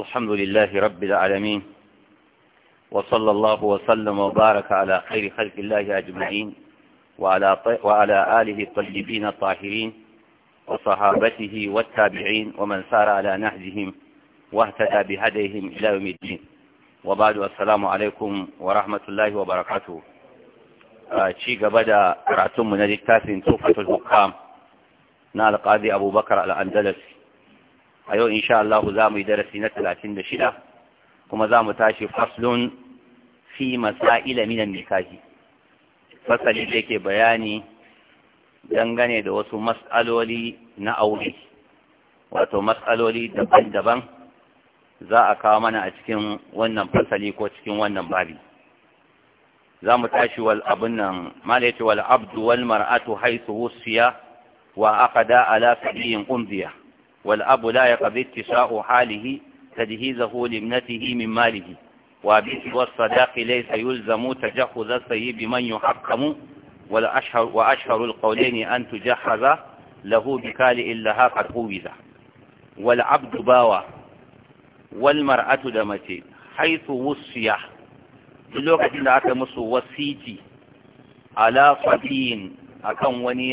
الحمد لله رب العالمين وصلى الله وسلم وبارك على خير خلق الله أجمعين وعلى, وعلى آله الطيبين الطاهرين وصحابته والتابعين ومن سار على نهجهم واهتدى بهديهم إلى يوم الدين وبعد السلام عليكم ورحمة الله وبركاته آه، شيء بدأ رأتم من التاسع توفة الحكام نال قاضي أبو بكر الأندلسي a yau insha Allah za mu yi darasi na talatin da shida kuma za mu tashi faslun fi masa'ila minan nikahi fasali da yake bayani dangane da wasu mas'aloli na aure wato mas'aloli daban-daban za a kawo mana a cikin wannan fasali ko cikin wannan babi za mu tashi wal abun nan malaiti wal abdu wal mar'atu haythu wusiya wa aqada ala sabiyin umdiya والأب لا يقضي اتشاء حاله تجهيزه لابنته من ماله وبه والصداق ليس يلزم تجهز السيب من يحكم والأشهر وأشهر القولين أن تجهز له بكالئ لها قد هوذ والعبد باوى والمرأة دمتي حيث وصيه lokacin da aka مصر وصيتي على fadiyin akan wani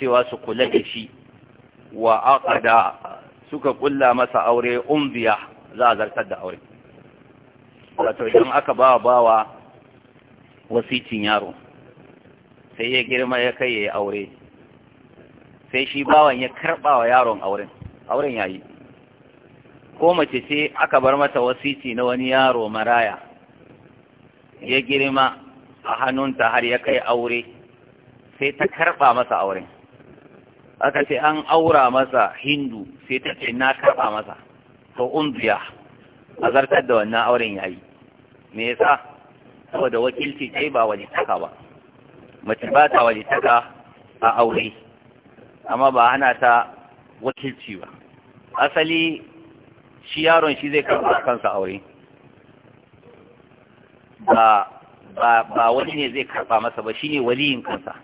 سوى سقلتي su wa aqada suka kulla masa aure umbiya za a zartar da aure wato idan aka ba bawa wasicin yaro sai ya girma ya kai ya aure sai shi bawan ya karba wa yaron auren auren yayi ko mace ce aka bar mata wasici na wani yaro maraya ya girma a hannunta har ya kai aure sai ta karba masa auren aka ce an aura masa hindu sai ta ce na karɓa masa to unziya a zartar da wannan auren yayi me yasa saboda wakilci ce ba walitaka ba mace ba ta walitaka a aure amma ba hana ta wakilci ba asali shi yaron shi zai karɓa kansa aure ba ba wani ne zai karɓa masa ba shine waliyin kansa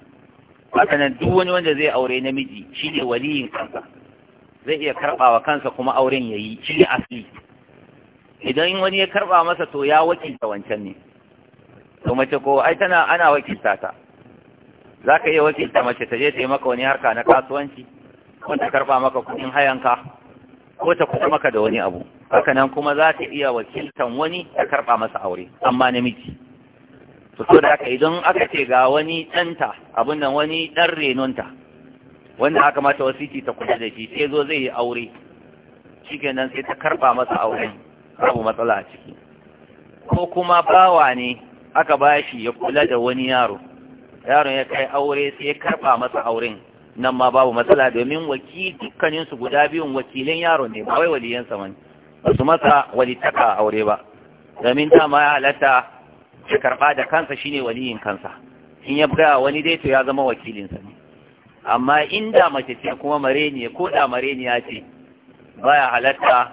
hakanan duk wani wanda zai aure namiji shi ne waliyin kansa zai iya karɓawa kansa kuma auren ya yi shi ne asali idan wani ya karɓa masa to ya wakilta wancan ne to mace ko ai tana ana wakilta ta za ka iya wakilta mace ta je ta yi maka wani harka na kasuwanci ko ta karɓa maka kuɗin hayanka ko ta kuɗa maka da wani abu hakanan kuma za ta iya wakiltan wani ta karɓa masa aure amma namiji so da yi idan aka ce ga wani ɗanta abin nan wani ɗan renonta wanda aka mata wasiti ta kula da shi sai zo zai yi aure shikenan sai ta karɓa masa auren babu matsala a ciki ko kuma bawa ne aka bashi ya kula da wani yaro yaron ya kai aure sai ya karɓa masa auren nan ma babu matsala domin dukkanin dukkaninsu guda biyun wakilin yaro ne ba wai waliyansa wani ba su masa walitaka aure ba domin ta ma ya halatta ya karba da kansa shine waliyin kansa in ya ga wani dai to ya zama wakilinsa ne amma inda mace ce kuma mareniya ko da mareniya ce baya halatta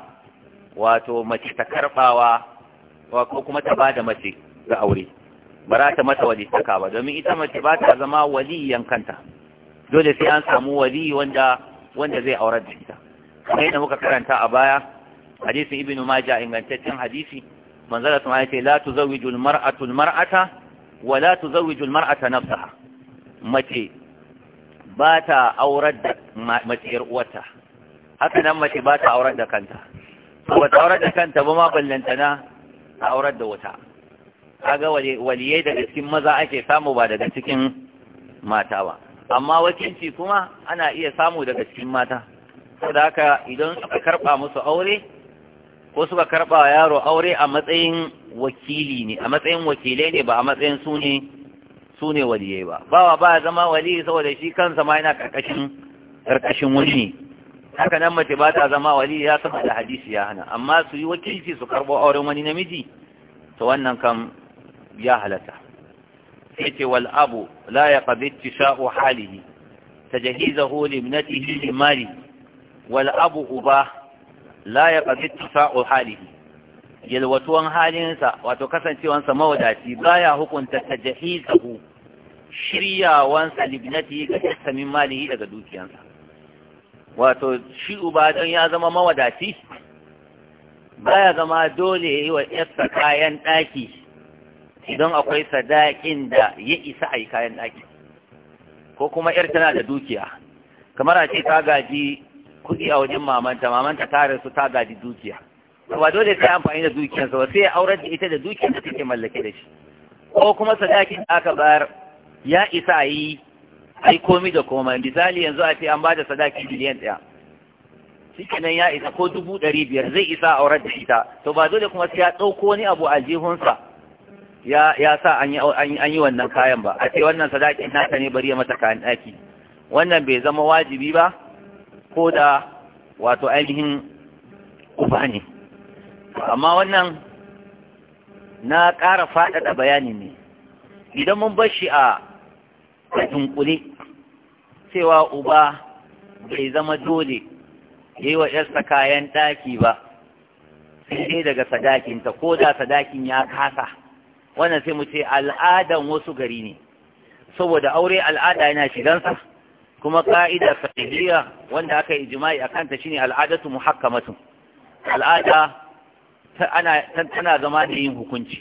wato mace ta karbawa ko kuma ta bada mace ga aure ba za ta mata ta ba domin ita mace ba ta zama waliyan kanta dole sai an samu wali wanda zai aurar da ita kamar yadda muka karanta a baya hadisin ibnu majah ingantaccen hadisi manzala sun ce la tuzawwijul mar'atu mar'ata wa la tuzawwijul na nafsaha mace ba ta aurar da maciyar yar uwarta haka nan mace ba ta aurar da kanta ba ta aurar da kanta ba ma ballantana a aurar da wata kaga waliyai daga cikin maza ake samu ba daga cikin mata ba amma wakilci kuma ana iya samu daga cikin mata saboda haka idan suka karɓa musu aure ko suka karɓa wa yaro aure a matsayin wakili ne a matsayin wakilai ne ba a matsayin su ne su ne waliyai ba bawa ba ya zama wali saboda shi kansa ma yana ƙarƙashin karkashin wani ne haka nan mace ba ta zama wali ya saba da hadisi ya hana amma su yi wakilci su karɓo auren wani namiji to wannan kam ya halata. sai ce wal abu la ya qabi tisha'u halihi tajahizahu li ibnatihi li mali wal abu uba la ya qabi tisa'u halihi yalwatuwan halinsa wato kasancewansa mawadaci baya hukunta tajhizahu shiryawansa libnati ga kasamin malihi daga dukiyansa wato shi uba don ya zama mawadaci baya zama dole yi wa yarsa kayan ɗaki idan akwai sadakin da ya isa a kayan ɗaki ko kuma yar tana da dukiya kamar a ce ta gaji kuɗi a wajen mamanta mamanta ta rasu ta gadi dukiya ba dole sai amfani da dukiyarsa ba sai ya aurar da ita da dukiyar da take mallake da shi ko kuma sadakin da aka bayar ya isa yi ai komi da komai misali yanzu a ce an ba da sadaki biliyan ɗaya shikenan ya isa ko dubu ɗari biyar zai isa aurar da ita to ba dole kuma sai ya ɗauko wani abu a jihunsa ya ya sa an yi an yi wannan kayan ba a ce wannan sadakin nasa ne bari ya mata kayan ɗaki wannan bai zama wajibi ba ko da wato ainihin uba ne amma wannan na ƙara faɗaɗa bayani ne idan mun bar shi a dunkule cewa uba bai zama dole ya yi wa ‘yarsa kayan ɗaki ba sai daga sadakinta ko da sadakin ya kasa wannan sai mu ce al'adan wasu gari ne saboda aure al'ada yana shigansa kuma ka'ida fahimiyya wanda aka yi jima'i a kanta shine al'adatu muhakkamatu al'ada tana zama da yin hukunci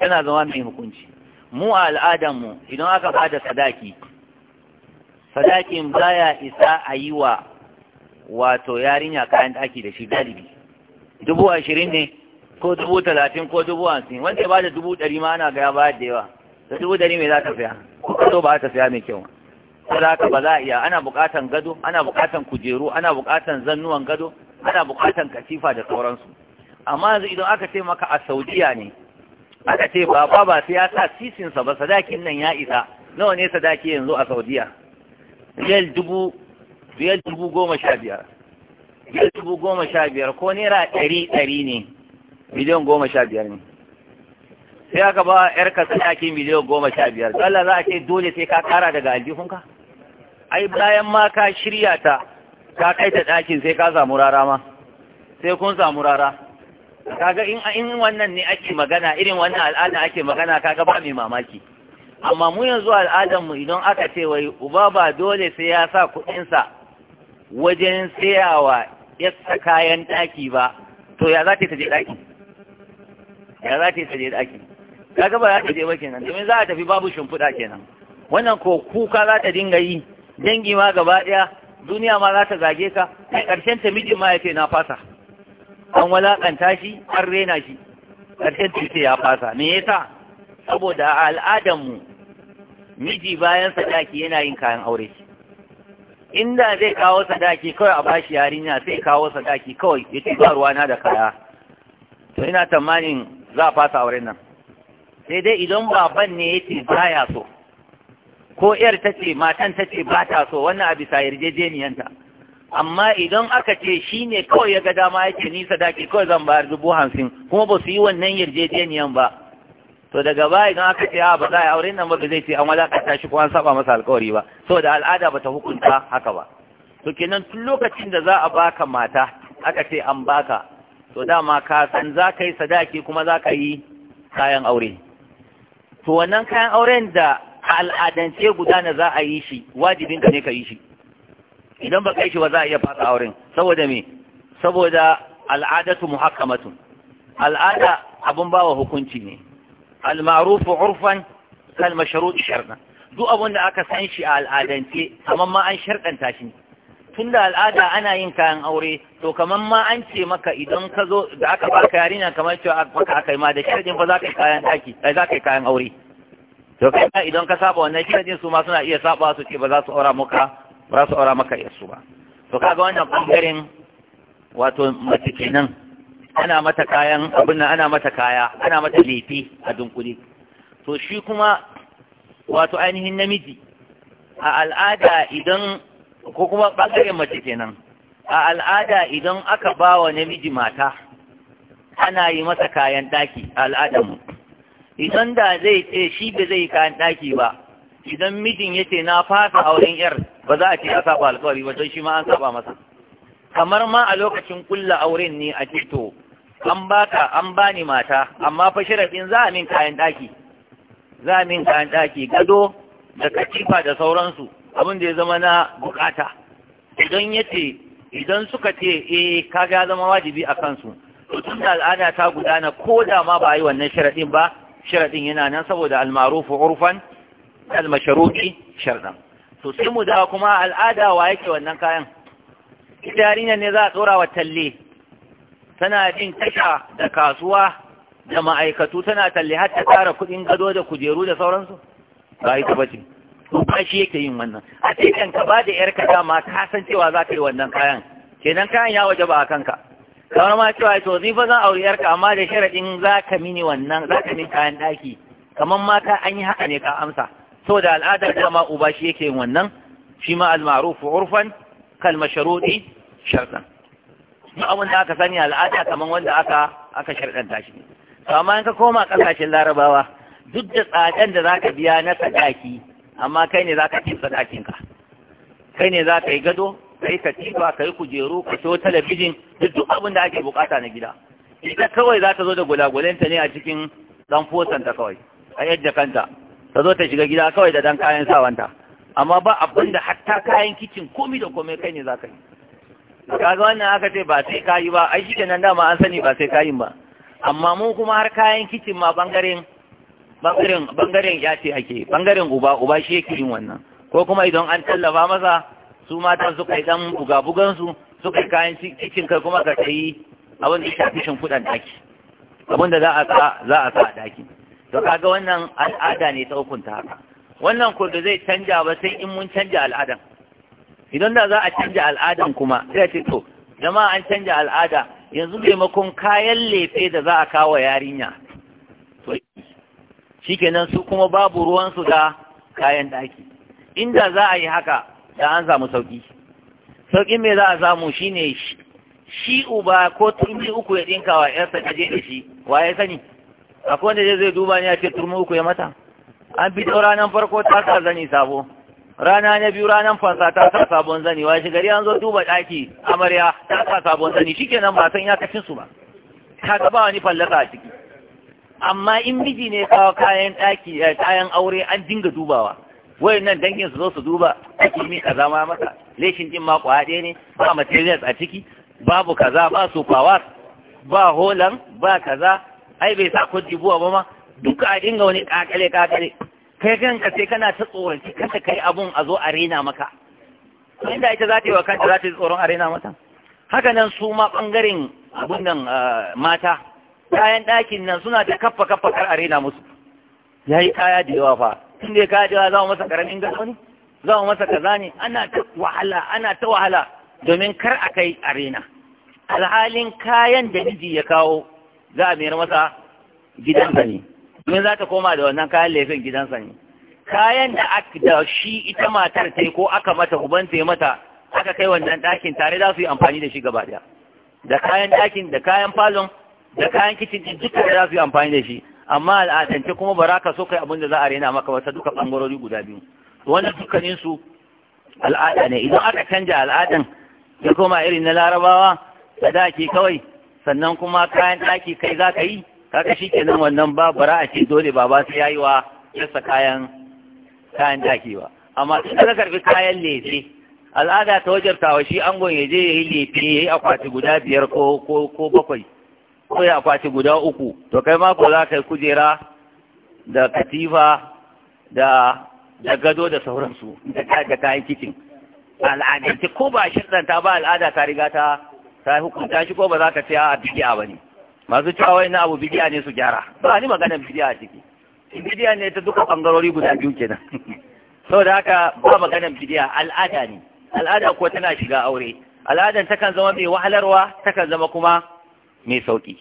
tana zama da yin hukunci mu a al'adanmu idan aka bada sadaki sadakin baya isa a yi wa wato yarinya kayan daki da shi galibi dubu ashirin ne ko dubu talatin ko dubu hamsin wanda ya bada dubu ɗari ma ana gaya ba bayar da yawa da dubu ɗari mai za ta saya ko ba ta saya mai kyau saboda ka ba za a iya ana buƙatan gado ana buƙatan kujeru ana buƙatan zannuwan gado ana buƙatan katifa da sauransu amma yanzu idan aka ce maka a saudiya ne aka ce baba ba sai ya sa sisinsa ba sadakin nan ya isa nawa ne sadaki yanzu a saudiya riyal dubu riyal dubu goma sha biyar riyal dubu goma sha biyar ko naira ɗari ɗari ne miliyan goma sha biyar ne sai aka ba yarka sadakin miliyan goma sha biyar Allah za a ce dole sai ka kara daga aljihunka ai bayan ma ka shirya ta ka kai ta ɗakin sai ka samu rara ma sai kun samu rara kaga in in wannan ne ake magana irin wannan al'ada ake magana kaga ba mai mamaki amma mu yanzu al'adan mu idan aka ce wai uba ba dole sai ya sa kuɗin sa wajen sayawa ya kayan ɗaki ba to ya za ta je ɗaki ya za ta je ɗaki kaga ba za ta je ba kenan domin za a tafi babu shimfiɗa kenan wannan ko kuka za ta dinga yi dangi ma gaba ɗaya duniya ma za ta zage ka kai ƙarshen ta mijin ma ya ce na fasa an walaƙanta shi an rena shi ƙarshen ta ce ya fasa me yasa saboda a mu miji bayan sadaki yana yin kayan aure inda zai kawo sadaki kawai a bashi yarinya sai kawo sadaki kawai ya ci ba ruwana da kaya to ina tamanin za a fasa auren nan sai dai idan baban ne ya ce baya so ko ‘yar ta ce matan ta ce ba ta so wannan a yarjejeniyan yarjejeniyanta amma idan aka ce shi ne kawai ya ga dama yake ni sadaki kawai zan bayar dubu hamsin kuma ba su yi wannan yarjejeniyan ba to daga baya idan aka ce ba za a auren nan ba ba zai ce an wadakata shi ko an saba masa alkawari ba saboda al'ada ba ta hukunta haka ba to kenan tun lokacin da za a baka mata aka ce an baka to dama ka san za ka yi sadaki kuma za ka yi kayan aure to wannan kayan auren da a al'adance guda na za a yi shi wajibin ka ne ka yi shi idan ba kai shi ba za a iya fasa auren saboda me saboda al'adatu muhakkamatun al'ada abun bawa hukunci ne al-ma'rufu urfan kal mashrut duk abun da aka san shi a al'adance kaman ma an sharɗanta shi tunda al'ada ana yin kayan aure to kaman ma an ce maka idan ka zo da aka baka yarinya kamar cewa aka yi ma da sharɗin fa za ka yi eh, za ka yi kayan aure to kai idan ka saba wannan kira din su ma suna iya saba su ce ba za su aura maka ba su aura maka yarsu ba to kaga wannan bangaren wato mace kenan ana mata kayan abin nan ana mata kaya ana mata lefi a dunkule to shi kuma wato ainihin namiji a al'ada idan ko kuma bangaren mace kenan a al'ada idan aka ba wa namiji mata ana yi masa kayan daki a al'adarmu idan da zai ce shi ba zai kayan ɗaki ba idan mijin ya ce na fasa auren yar ba za a ce a saba alkawari ba don shi ma an saba masa kamar ma a lokacin kulla auren ne a ce to an baka an bani mata amma fa sharafin za a min kayan ɗaki za a min kayan ɗaki gado da katifa da sauransu abin da ya zama na bukata idan ya idan suka ce eh kaga zama wajibi a kansu to tun da al'ada ta gudana ko da ma ba a yi wannan sharaɗin ba sharadin yana nan saboda al-ma'ruf urfan al-mashru'i sharadan to sai mu da kuma al'ada wa yake wannan kayan ita ne za a tsora wa talle tana jin kasha da kasuwa da ma'aikatu tana talle har ta tsara kuɗin gado da kujeru da sauransu ba ita ba ce to ba shi yake yin wannan a cikin ka ba da yarka dama ka san cewa za ka yi wannan kayan kenan kayan ya waje ba a kanka kamar ma cewa to ni fa zan aure yarka amma da sharadin za ka mini wannan za ka mini kayan daki kamar mata an yi haka ne ka amsa saboda al'adar dama uba shi yake yin wannan shi ma al-ma'ruf urfan kal mashrudi shartan duk abin da aka sani al'ada kamar wanda aka aka sharɗanta tashi, ne to amma in ka koma ƙasashen larabawa duk da tsadan da zaka biya na sadaki amma kai ne zaka ci sadakin ka kai ne zaka yi gado Ka yi kai ka yi kujeru ka so talabijin duk duk abin da ake bukata na gida ita kawai za ta zo da gulagulenta ne a cikin dan fosanta kawai a yadda kanta ta zo ta shiga gida kawai da dan kayan sawanta amma ba abin da hatta kayan kicin komi da komai kai ne za ka yi Ka ga wannan aka ce ba sai kayi ba ai shi nan dama an sani ba sai kayin ba amma mu kuma har kayan kicin ma bangaren bangaren bangaren ya ce ake bangaren uba uba shi yake yin wannan ko kuma idan an tallafa masa su matan suka yi dan bugabugansu suka yi kayan cikin kai kuma ka yi abin da ya shafi shimfiɗan ɗaki abin da za a sa za a sa ɗaki to kaga wannan al'ada ne ta hukunta haka wannan ko da zai canja ba sai in mun canja al'adan idan da za a canja al'adan kuma sai ce to jama'a an canja al'ada yanzu maimakon kayan lefe da za a kawo yarinya to shikenan su kuma babu ruwansu da kayan ɗaki inda za a yi haka da an samu sauki Sauƙin me za a samu shine shi uba ko turmi uku ya dinka wa yarsa ta je da shi wa ya sani akwai wanda zai duba ne ya ce turmi uku ya mata an bi fi ranar farko ta sa zani sabo rana na biyu ranar fansa ta sa sabon zani wa shi gari an zo duba ɗaki amarya ta sa sabon zani shikenan ba san ya kafin su ba ka ga ba wani fallasa a ciki amma in miji ne kawo kayan ɗaki eh, kayan aure an dinga dubawa nan dangin su zo su duba hakimi kaza ma masa leshin din ma kwa ɗaya ne ba materials a ciki babu kaza ba su kwawa ba holan ba kaza ai bai sa ko dibuwa ba ma duka a dinga wani kakale kakale kai kanka sai kana ta tsoranci kada kai abun a zo a rena maka inda ita za ta yi wa kanta za ta yi tsoron a rena mata haka nan su ma bangaren abun nan ah, mata kayan ɗakin nan suna ta kaffa kaffa kar a rena musu ya yi kaya da yawa fa tun da ya kaya cewa za mu masa karamin gasa ne za mu masa kaza ne ana ta wahala ana ta wahala domin kar a kai arena alhalin kayan da miji ya kawo za a mayar masa gidansa ne domin za ta koma da wannan kayan laifin gidansa ne kayan da da shi ita matar ta ko aka mata uban ta mata aka kai wannan ɗakin tare za su yi amfani da shi gaba da kayan ɗakin da kayan falon da kayan kicin duka za su yi amfani da shi amma al'adance kuma ba za ka so kai abin da za a rena maka wata duka ɓangarori guda biyu wannan dukkaninsu al'ada ne idan aka canja al'adan ya koma irin na larabawa da sadaki kawai sannan kuma kayan ɗaki kai za ka yi kaga shi kenan wannan ba bara a ce dole ba ba sai yayi wa yasa kayan kayan daki ba amma in ka karbi kayan lefe al'ada ta wa shi angon ya je ya yi lefe ya yi akwati guda biyar ko bakwai ko ya kwaci guda uku to kai ma ko za ka yi kujera da katifa da da gado da sauransu da kayan kicin al'adance ko ba ta ba al'ada ta riga ta ta hukunta shi ko ba za ka ce a bidiya ba ne masu cewa wai na abu bidiya ne su gyara ba ni magana bidiya a ciki bidiya ne ta duka bangarori guda biyu kenan saboda haka ba magana bidiya al'ada ne al'ada ko tana shiga aure al'adan takan zama mai wahalarwa takan zama kuma mai sauƙi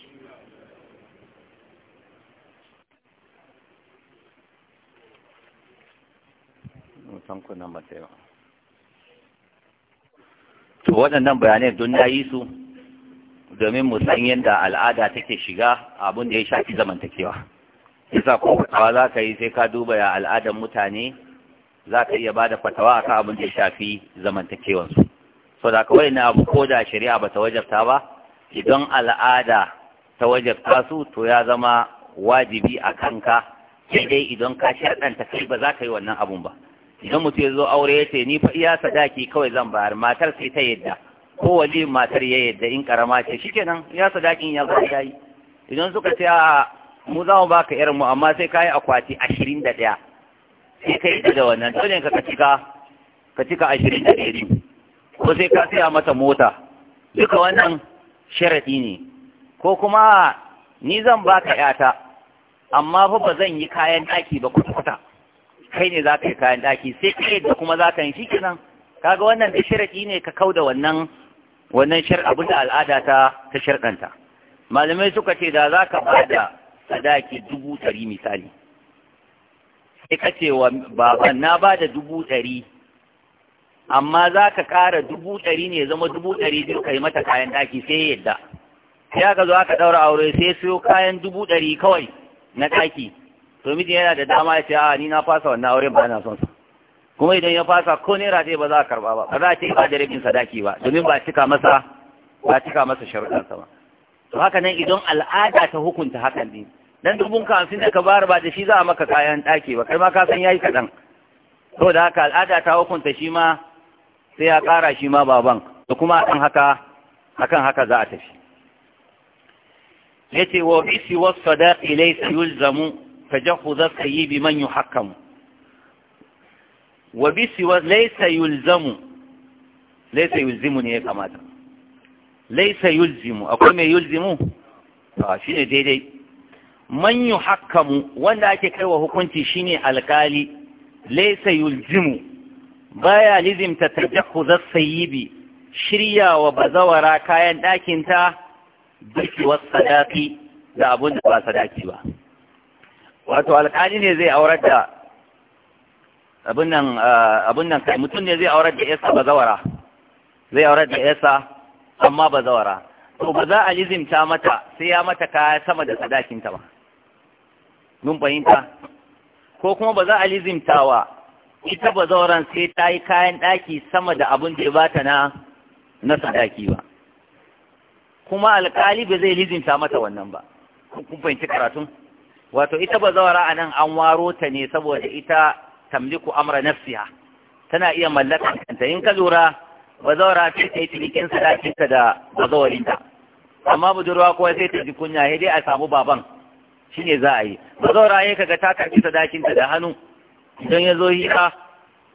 to waɗannan bayanai don na yi su domin mu san yadda al'ada take shiga abin da ya shafi zamantakewa isa ko fatawa za ka yi sai ka duba ya al'adar mutane za ka iya ba da fatawa a abin da ya shafi zamantakewansu so da kawai na abu ko da shari'a ba ta wajabta ba idan al'ada ta wajen kasu to ya zama wajibi a kanka sai dai idan ka sharɗanta kai ba za ka yi wannan abun ba idan mutum ya zo aure ya ce ni fa iya sadaki kawai zan bayar matar sai ta yadda ko wali matar ya yadda in karama ce shikenan iya sadakin ya zai yayi idan suka ce a mu za mu baka irin mu amma sai ka yi akwati 21 sai ka yi da wannan dole ka cika ka cika 21 ko sai ka siya mata mota duka wannan sharaɗi ne ko kuma ni zan baka yata amma fa ba zan yi kayan ɗaki ba kwata-kwata kai ne za ka yi kayan ɗaki sai kai da kuma za ka yi shi Ka kaga wannan da sharaɗi ne ka kauda wannan wannan da al'ada ta ta sharɗanta malamai suka ce da za ka bada sadaki dubu ɗari misali sai ka ce wa baban na bada dubu ɗari amma za ka ƙara dubu ɗari ne zama dubu ɗari biyu ka yi mata kayan ɗaki sai yadda sai aka zo aka ɗaura aure sai siyo kayan dubu ɗari kawai na ɗaki to mijin yana da dama ya ce a ah, ni na fasa wannan aure ba na son sa kuma idan ya fasa ko naira zai ba za a karɓa ba ba za a ce ba da rabin sadaki ba domin ba cika masa ba cika masa sa ba to haka nan idan al'ada ta hukunta hakan ne dan dubun ka hamsin da ka bayar ba da shi za a maka kayan ɗaki ba kai ma ka san yayi kaɗan saboda haka al'ada ta hukunta shi ma sai ya ƙara shi ma baban da kuma akan haka akan haka za a tafi Ya ce wa bi siwa sadaqi laysa yulzamu tajahhuz as-sayyib man yuhakkamu wa bi siwa laysa yulzamu laysa yulzimu ne ya kamata laysa yulzimu akwai mai yulzimu a ah, shine daidai man yuhakkamu wanda ake kai wa hukunci shi ne alkali laysa yulzimu baya lizimta tajahuzar sayibi shirya wa bazawara kayan ɗakinta duki sadaki da abun da ba sadaki ba wato alƙali ne zai aurar da abun nan kai mutum ne zai aurar da yasa bazawara zai aurar da yasa amma bazawara to ba za a lizimta mata sai ya mata kaya sama da sadakinta ba mun fahimta ko kuma ba za a lizimta wa ita ba zauren sai ta yi kayan ɗaki sama da abin da ya bata na sadaki ba kuma alkali ba zai lizinta mata wannan ba kun fahimci karatun wato ita ba zaura a nan an waro ta ne saboda ita tamliku amra nafsiya tana iya mallakar kanta in ka lura ba zaura ce ta yi cinikin sadakinta da bazawarinta amma budurwa kuwa sai ta ji kunya sai dai a samu baban ne za a yi ba zaura ya kaga ta karɓi sadakinta da hannu idan ya zo hira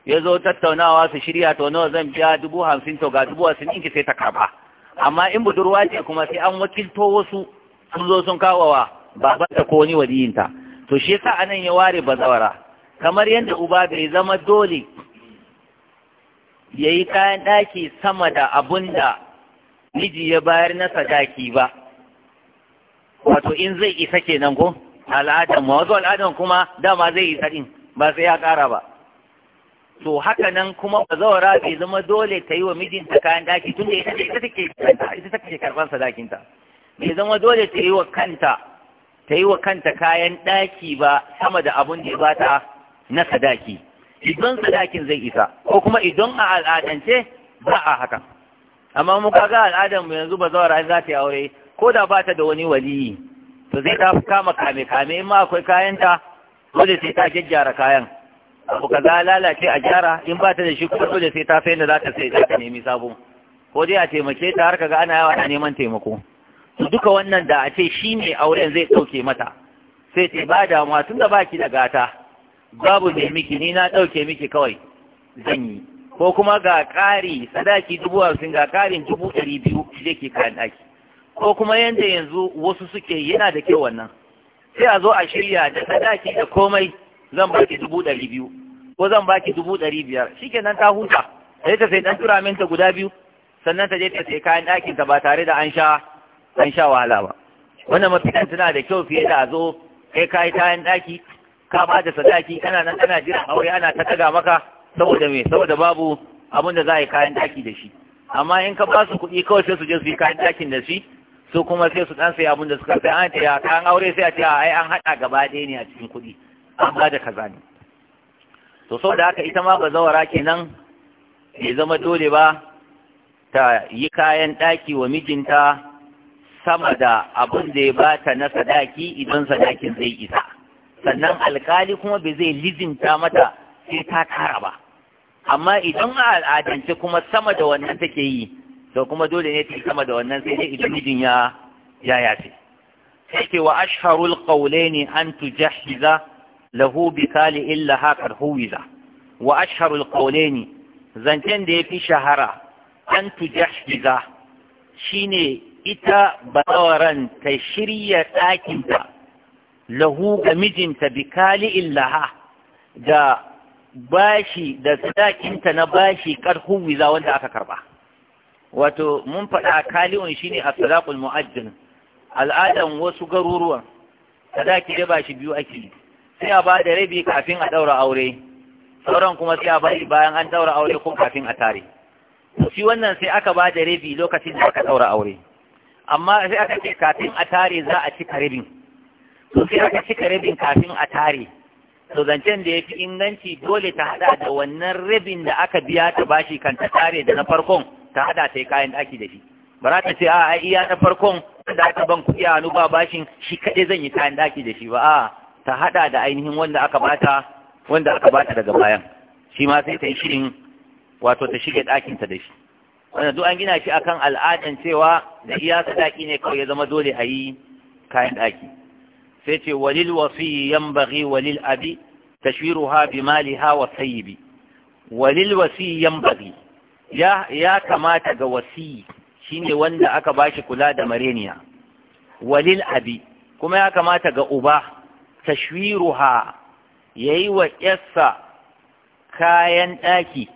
ya zo tattaunawa su shirya to zan biya dubu hamsin to ga dubu wasu ninki sai ta karba amma in budurwa ce kuma sai an wakilto wasu sun zo sun kawowa babanta ko wani waliyinta to shi yasa anan ya ware bazawara kamar yadda uba bai zama dole ya yi kayan ɗaki sama da abun da miji ya bayar na sadaki ba wato in zai isa kenan ko al'adan ma wasu al'adan kuma dama zai isa din ba sai ya ƙara ba to haka nan kuma ba bazawara bai zama dole ta yi wa mijinta kayan daki tun da ita take ita take karban sadakinta bai zama dole ta yi wa kanta ta yi wa kanta kayan daki ba sama da abun da ya bata na sadaki idan sadakin zai isa ko kuma idan a al'adance ba a haka amma mu kaga al'adar mu yanzu bazawara za ta yi aure ko da ba ta da wani waliyi to zai ta kama kame kame in ma akwai kayanta dole sai ta gyaggyara kayan abu kaza lalace a gyara in ba ta da shi kuma dole sai ta sai da za ta sai ta nemi sabo ko dai a taimake ta har kaga ana yawa ta neman taimako Su duka wannan da a ce shi ne auren zai dauke mata sai ta ba tun da baki da gata babu mai miki ni na dauke miki kawai zan yi ko kuma ga ƙari sadaki dubu hamsin ga ƙarin dubu ɗari biyu shi ke kayan ɗaki ko kuma yanda yanzu wasu suke yana da kyau wannan sai a zo a shirya da sadaki da komai zan baki dubu ɗari biyu ko zan baki dubu ɗari biyar shi nan ta huta sai ta sai ɗan tura guda biyu sannan ta je ta sai kayan ɗakin ta ba tare da an sha wahala ba wannan mafitan tana da kyau fiye da a zo kai kayi kayan ɗaki ka ba da sadaki kana nan kana jiran aure ana ta taga maka saboda me saboda babu abin da za a yi kayan ɗaki da shi amma in ka ba su kuɗi kawai sai su je su yi kayan ɗakin da shi su kuma sai su dan sai abin da suka sai an ce ya kan aure sai a ce ai an hada gaba ɗaya ne a cikin kuɗi an ba da kaza ne to saboda haka ita ma bazawara kenan bai zama dole ba ta yi kayan ɗaki wa mijinta sama da abin da ya ba ta na sadaki idan sadakin zai isa sannan alkali kuma bai zai lizinta mata sai ta kara ba amma idan a al'adance kuma sama da wannan take yi to kuma dole ne ta sama da wannan sai dai idan mijin ya ya yafe sai ke wa ashharul qawlaini an tujahhiza lahu bi kali illa huwiza wa ashharul qawlaini zancen da yafi shahara an tujahhiza shine ita bawaran ta shirya ɗakinta lahu ga mijinta bi kali illaha da bashi da sadakinta na bashi karhun wiza wanda aka karba wato mun faɗa shi ne as-salaqul mu'ajjal al'adan wasu garuruwa sadaki da ba shi biyu ake sai a ba da rabi kafin a ɗaura aure sauran kuma sai a bari bayan an ɗaura aure ko kafin a tare shi wannan sai aka ba da rabi lokacin da aka ɗaura aure amma sai aka ce kafin a tare za a cika rabin to sai aka cika rabin kafin a tare to zancen da ya fi inganci dole ta haɗa da wannan rabin da aka biya ta bashi kan ta tare da na farkon ta hada ta yi kayan ɗaki da shi ba ta ce a a iya na farkon wanda aka ban kuɗi a ba bashin shi kaɗai zan yi kayan ɗaki da shi ba a ta hada da ainihin wanda aka bata wanda aka bata daga bayan shi ma sai ta yi shirin wato ta shige ta da shi wanda duk an gina shi akan al'adan cewa da iya sadaki ne kawai ya zama dole a yi kayan ɗaki sai ce walil wasi yanbaghi walil abi tashwiruha bi maliha wa sayyibi walil wasi yanbaghi ya ya kamata ga wasi shine wanda aka bashi kula da mareniya walil abi kuma ya kamata ga uba tashwiruha yayi wa yarsa kayan daki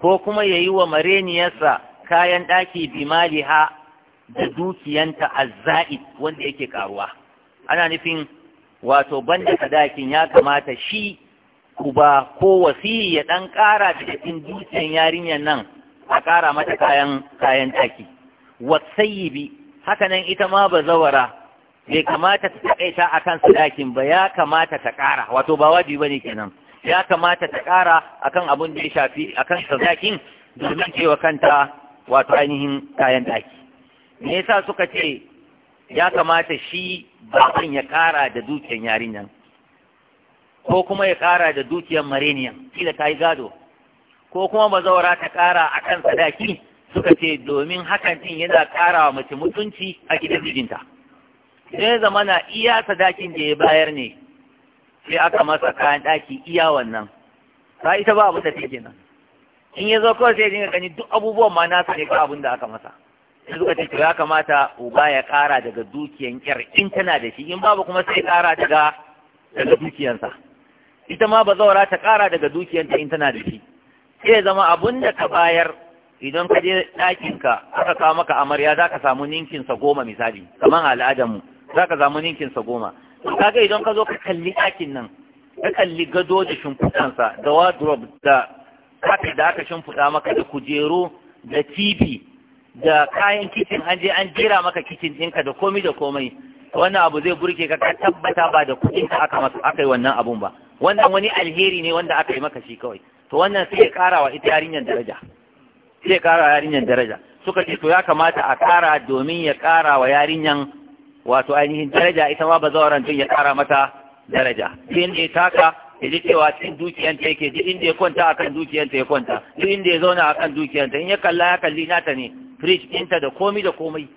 ko kuma yayi wa mareniyarsa kayan daki bimaliha da dukiyanta azza'id wanda yake karuwa ana nufin wato banda sadakin ya kamata shi ba ko wasiyi ya ɗan ƙara daga cikin dukiyar yarinyar nan a ƙara mata kayan kayan taki wasayibi haka nan ita ma ba zawara, bai kamata ta takaita akan sadakin ba ya kamata ta ƙara wato ba wajibi bane kenan ya kamata ta ƙara a kan abin da ya shafi a akan sadakin domin cewa kanta wato ainihin kayan taki me yasa suka ce ya kamata shi baban ya ƙara da dukiyar yarinyar ko kuma ya kara da dukiyar mareniyan da ta yi gado ko kuma bazawara ta kara a kan sadaki suka ce domin hakan din yana ƙara wa mace mutunci a gidan mijinta sai na iya sadakin da ya bayar ne sai aka masa kayan ɗaki iya wannan ta ita ba abin da take nan in ya zo sai dinga gani duk abubuwan ma nasa ne ka abin da aka masa sai suka ce ya kamata uba ya kara daga dukiyan kyar in tana da shi in babu kuma sai ƙara daga daga ita ma ba zaura ta ƙara daga dukiyanta in tana da shi sai zama abun da ka bayar idan ka je ɗakinka aka kawo maka amarya za ka samu ninkinsa goma misali kamar al'adarmu za ka samu ninkinsa goma kaga idan ka zo ka kalli ɗakin nan ka kalli gado da shimfiɗansa da wardrobe da kafi da aka shimfiɗa maka da kujeru da tv da kayan kicin an je an jera maka kicin ɗinka da komai da komai wannan abu zai burke ka tabbata ba da kudin da aka masa aka yi wannan abun ba wannan wani alheri ne wanda aka yi maka shi kawai to wannan sai ya kara wa ita yarinyar daraja sai ya wa yarinyar daraja suka ce to ya kamata a kara domin ya kara wa yarinyar wato ainihin daraja ita ma bazawaran tun ya kara mata daraja sai inda ya taka ya ji cewa cikin dukiyanta yake duk inda ya kwanta akan dukiyanta ya kwanta duk inda ya zauna akan dukiyanta in ya kalla ya kalli nata ne fridge ɗinta da komai da komai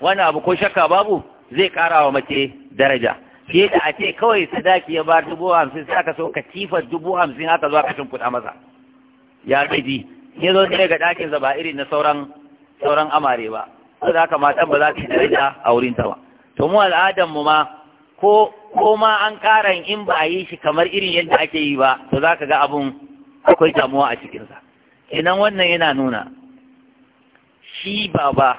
wani abu ko shakka babu zai ƙara wa mace daraja fiye da a ce kawai sadaki ya bar dubu hamsin sai aka so ka tifa dubu hamsin haka zuwa ka kuɗa masa ya zai ji ya zo ɗaya ga ɗakinsa ba irin na sauran sauran amare ba ko da haka matan ba za su yi daraja a wurin ta ba to mu al'adar mu ma ko ko ma an ƙara in ba a yi shi kamar irin yadda ake yi ba to za ka ga abun akwai damuwa a cikinsa idan wannan yana nuna shi baba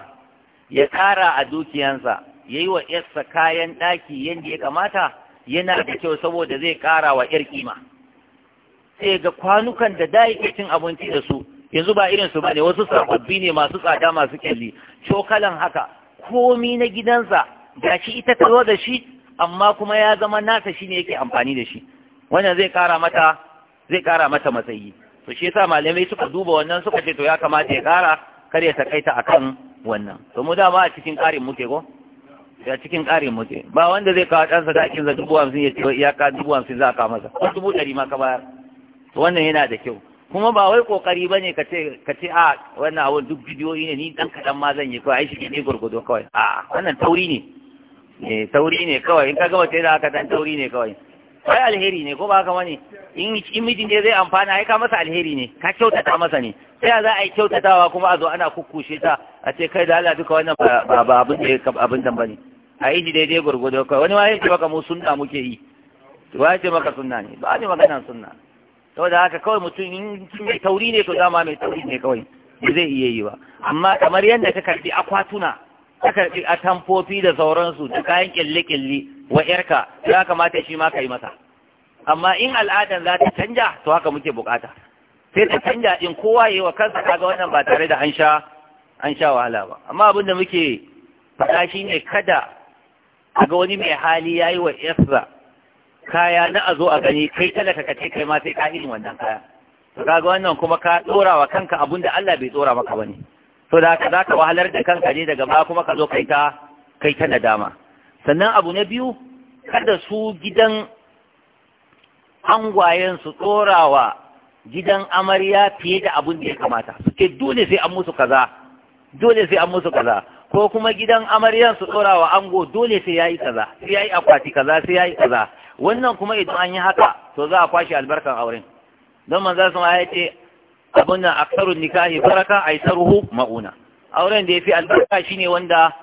ya ƙara a dukiyansa ya yi wa ‘yarsa kayan ɗaki yadda ya kamata yana da kyau saboda zai ƙara wa ‘yar ƙima. sai ga kwanukan da da yake cin abinci da su yanzu ba irin su ba ne, wasu sababbi ne masu tsada masu kyalli cokalan haka komi na gidansa shi ita ta zo da shi amma kuma ya zama nasa shi ne yake amfani da shi wannan zai ƙara mata zai ƙara mata matsayi to shi yasa malamai suka duba wannan suka ce to ya kamata ya ƙara kar ya takaita akan wannan to mu dama a cikin ƙarin muke ko ya cikin ƙarin mutum, ba wanda zai kawo ɗansa dakin za dubu hamsin ya ce ya ka dubu hamsin za ka masa ko dubu ɗari ma ka bayar wannan yana da kyau kuma ba wai ƙoƙari ba ne ka ce a wannan abun duk bidiyoyi ne ni ɗan kaɗan ma zan yi kawai ai shi ne gurgudo kawai a wannan tauri ne ne eh, tauri ne kawai in ka gama sai da haka dan tauri ne kawai kai alheri ne ko ba haka wani in miji mijin ne zai amfana ai ka masa alheri ne ka kyautata masa ne sai za a yi kyautatawa kuma a zo ana kukkushe ta a ce kai da Allah duka wannan ba abin da abin dan bane a yi daidai gwargwado kawai wani waye ce maka mu sunna muke yi waye ce maka sunna ne ba ne magana sunna da haka kawai mutum in mai tauri ne to dama mai tauri ne kawai ba zai iya yi ba amma kamar yadda ka karbi akwatuna ka karbi atamfofi da sauransu da kayan kille-kille wa yarka ya kamata shi ma ka yi masa amma in al'adan za ta canja to haka muke bukata sai ta canja in kowa yi wa kansa kaga wannan ba tare da an sha an sha wahala ba amma abin da muke faɗa shi ne kada kaga wani mai hali ya yi wa yasra kaya na a zo a gani kai talaka ka ce kai ma sai ka irin wannan kaya to kaga wannan kuma ka dora wa kanka abin da Allah bai dora maka bane to da ka zaka wahalar da kanka ne daga ba kuma ka zo kai ta kai ta nadama sannan abu na biyu kada su gidan angwayen su dora wa gidan amarya fiye da abin da ya kamata Suke dole sai an musu kaza dole sai an musu kaza ko kuma gidan amaryan su tsora wa ango dole sai yayi kaza sai yayi akwati kaza sai yayi kaza wannan kuma idan an yi haka to za a kwashe albarkan auren don manzo sun ya ce abun nan aktarun nikahi baraka aisaruhu mauna auren da yafi albarka shine wanda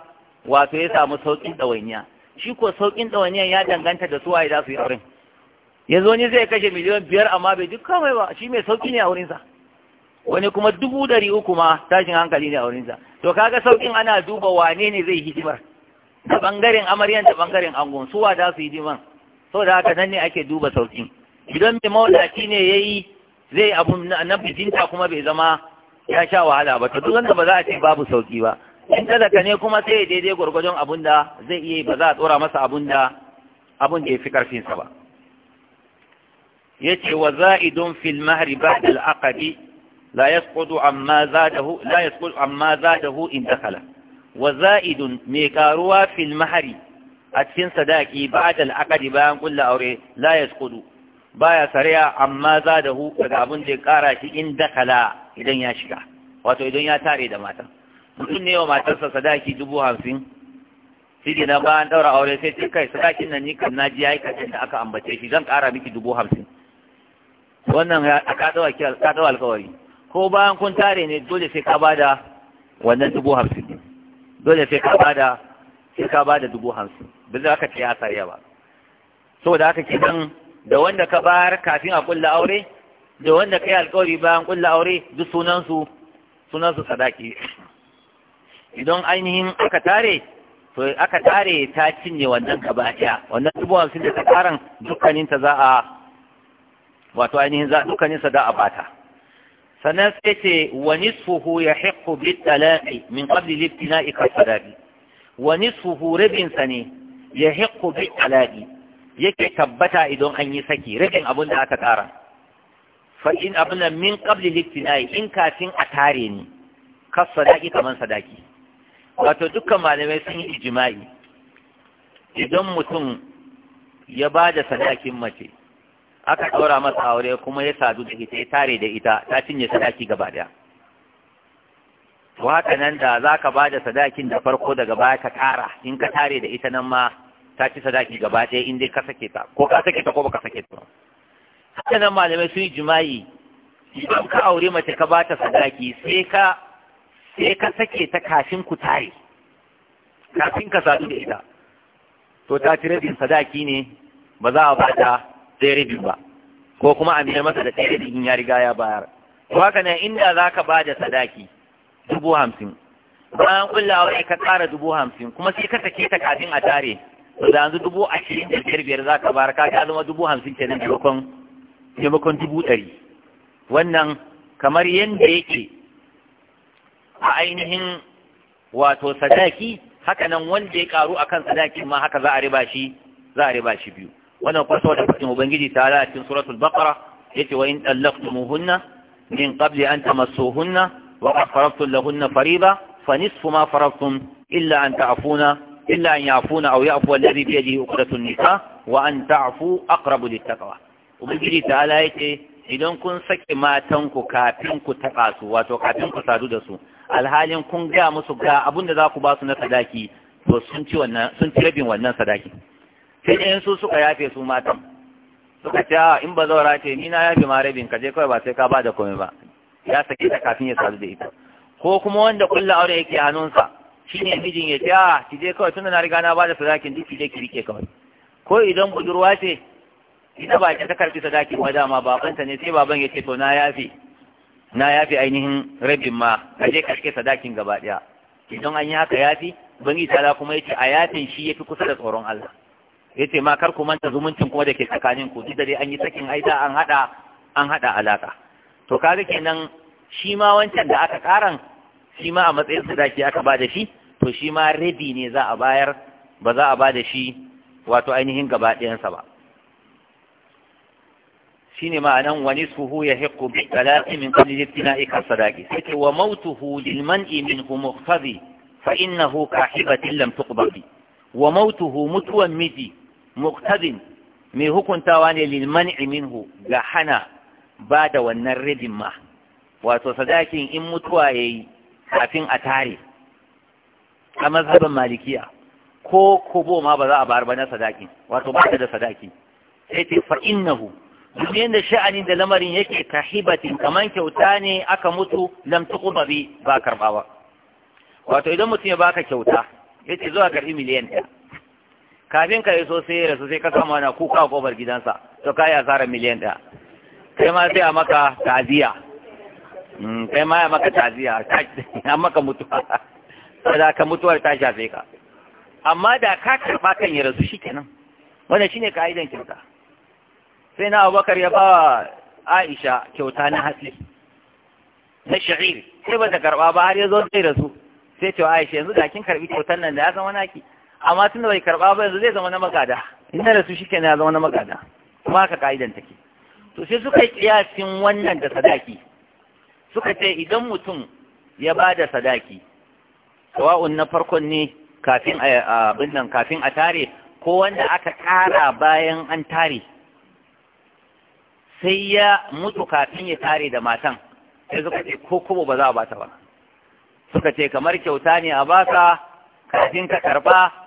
wato ya samu sauƙin dawainiya shi ko sauƙin dawaniyan ya danganta da suwaye za su yi auren yanzu ne zai kashe miliyan biyar amma bai duk kawai ba shi mai sauki ne a wurinsa wani kuma dubu dari uku ma tashin hankali ne a wurinsa to kaga saukin ana duba wane ne zai hidimar da bangaren amaryan ta bangaren angon suwa da su hidiman saboda haka nan ne ake duba saukin idan mai mawadaci ne yayi zai abu na bizinta kuma bai zama ya sha wahala ba to duk wanda ba za a ce babu sauki ba in talaka ne kuma sai ya daidai gwargwadon abun da zai iya ba za a tsora masa abun da abun da ya fi karfinsa ba yace wa za'idun fil mahri ba'da al-aqdi لا يسقط عما زاده لا يسقط عما زاده إن دخل وزائد ميكاروا في المهر أتفين صداكي بعد العقد بيان كل أوري لا يسقط baya sariya amma za da hu daga abin da ya kara shi in dakala idan ya shiga wato idan ya tare da mata. mutum ne wa matarsa sadaki dubu hamsin shi na bayan daura aure sai ce kai sadakin nan ni kan naji ya yi kacin da aka ambace shi zan kara miki dubu hamsin wannan ya ka dawa alkawari ko bayan kun tare ne dole sai ka bada wannan dubu hamsin dole sai ka bada sai ka bada dubu hamsin ba za ka ce ya sariya ba saboda haka kenan da wanda ka bayar kafin a kulla aure da wanda ka yi alkawari bayan kulla aure duk sunansu sunansu sadaki idan ainihin aka tare to aka tare ta cinye wannan ba ɗaya wannan dubu hamsin da ta karan dukkaninta za a wato ainihin za dukkaninsa za a bata sannan sai ce wa nisfuhu yahiqqu bit talaqi min qabli libtina'i kasadaqi wa nisfuhu rabin sa ne yahiqqu bit talaqi yake tabbata idan an yi saki rabin abin da aka tsara fa in abun in kafin a tare ni sadaki kaman sadaki wato dukkan malamai sun yi ijima'i idan mutum ya ba da sadakin mace aka ɗaura masa aure kuma ya sadu da ita ya tare da ita ta cinye sadaki gaba ɗaya to haka nan da za ka ba da sadakin da farko daga baya ka ƙara in ka tare da ita nan ma ta ci sadaki gaba ɗaya in dai ka sake ta ko ka sake ta ko baka sake ta haka nan malamai sun yi jima'i idan ka aure mace ka ba ta sadaki sai ka sai ka sake ta kafin ku tare kafin ka sadu da ita to ta ci rabin sadaki ne ba za a ba ta zai rabi ba ko kuma a biyar masa da ɗaya da in ya riga ya bayar to haka ne inda za ka ba da sadaki dubu hamsin bayan kulla wai ka ƙara dubu hamsin kuma sai ka sake ta kafin a tare to da yanzu dubu ashirin da biyar biyar za ka bayar ka ta zama dubu hamsin kenan maimakon maimakon dubu ɗari wannan kamar yadda yake a ainihin wato sadaki haka nan wanda ya karu akan sadaki ma haka za a riba shi za a riba shi biyu wannan kwaso da faɗin ubangiji ta ala a cikin suratul baqara yace wa in dallaqtumuhunna min qabli an tamassuhunna wa qad faradtum lahunna fariba fa nisfu ma faradtum illa an ta'funa illa an ya'funa aw ya'fu alladhi bi yadihi uqdatun nisa wa an ta'fu aqrabu littaqwa ubangiji ta ala yace idan kun saki matanku kafin ku taɓa su wato kafin ku sadu da su alhalin kun ga musu ga abin za ku ba su na sadaki to sun ci rabin wannan sadaki sai ɗayan su suka yafe su matan suka ce a in ba zaura ce ni na yafe ma rabin ka je kawai ba sai ka ba komai ba ya sake ta kafin ya sadu da ita ko kuma wanda kulla aure yake hannunsa shine mijin ya ce a ki je kawai tunda na riga na ba sadakin duk ki je ki rike kawai ko idan budurwa ce ita ba ta karfi sadakin ba dama babanta ne sai baban ya ce to na yafe na yafe ainihin rabin ma ka je ka rike sadakin gaba daya idan an yi haka yafi bangi tala kuma ce a yafin shi ya fi kusa da tsoron Allah ce ma kar ku manta zumuncin kuma da ke tsakanin ku duk da dai an yi sakin aida an hada an hada alaka to kaga kenan shi ma wancan da aka karan shi ma a matsayin sadaki aka ba da shi to shi ma rabi ne za a bayar ba za a ba da shi wato ainihin gaba ɗayansa ba shi ne ma'anan wani suhu ya hiƙu bi talati min kulli ibtina'i ka sadaqi sai wa mautuhu lil man'i minhu muqtadi fa innahu kahibatin lam tuqbal wa mautuhu mutuwan miji muktadin mai hukuntawa ne Liman man'i minhu ga hana ba da wannan ridin ma wato sadakin in mutuwa ya yi kafin a tare a mazhabin malikiya ko kubo ma ba za a bayar ba na sadakin wato ba da sadaki sai ce fa innahu duk yadda sha'ani da lamarin yake hibatin kaman kyauta ne aka mutu lam tuqba bi ba karba wato idan mutum ya baka kyauta yake zuwa karbi miliyan ɗaya kafin ka iso sai ya rasu sai ka samu ana kuka a kofar gidansa to ka yi asarar miliyan ɗaya kai ma sai a maka taziya mm, kai ma ya maka taziya ya maka mutuwa da ka mutuwar ta shafe ka amma da ka karɓa kan ya rasu shi kenan ne ka ka'idan kyauta sai na abubakar ya wa aisha kyauta na hatsi na shahiri. sai ba ta karɓa ba har ya zo zai rasu sai ce aisha yanzu da kin karɓi kyautar nan da ya san wani aiki. amma tun da bai karɓa ba yanzu zai zama na magada ina da su shi ke na zama na magada kuma haka ka'idan take to sai suka yi kiyasin wannan da sadaki suka ce idan mutum ya ba da sadaki sawa'un na farkon ne kafin a binnan kafin a tare ko wanda aka tara bayan an tare sai ya mutu kafin ya tare da matan sai suka ce ko kuma ba za a bata ba suka ce kamar kyauta ne a ka kafin ka karba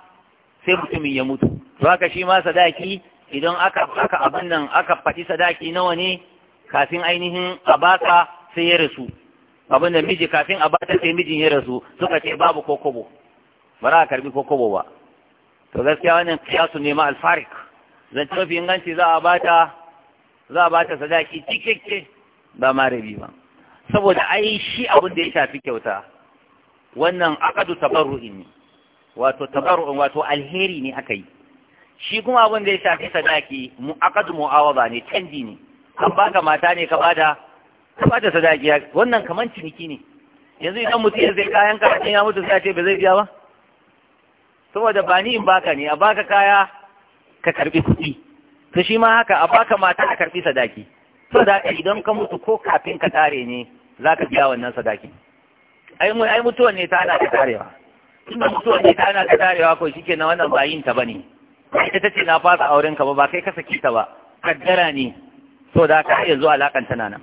sai mutumin ya mutu Ba ka shi ma sadaki idan aka aka abin nan aka faɗi sadaki nawa ne kafin ainihin a baka sai ya rasu abin da miji kafin a baka sai mijin ya rasu suka ce babu kokobo ba za a karbi kokobo ba to gaskiya wannan kiyasu ne ma alfarik zan tafi inganci za a bata za a bata sadaki cikakke ba ma rabi ba saboda ai shi abin da ya shafi kyauta wannan akadu tabarru'in ne wato tabaru'un wato alheri ne aka yi shi kuma abin da ya shafi sadaki mu aqad mu'awada ne canji ne an baka mata ne ka bada ka bada sadaki wannan kaman ciniki ne yanzu idan mutum ya zai kayan ka ya mutu sai ce ba zai biya ba saboda ba ni in baka ne a baka kaya ka karbi kuɗi to shi ma haka a baka mata ka karbi sadaki saboda idan ka mutu ko kafin ka tare ne zaka biya wannan sadaki ai mutuwa ne ta ana ta tarewa da mutuwa ne ta ana ta tarewa ko shi kenan wannan ba yin ta ne. ita ta ce na fasa auren ka ba ba kai ka saki ta ba kaddara ne so da ka iya alakan tana nan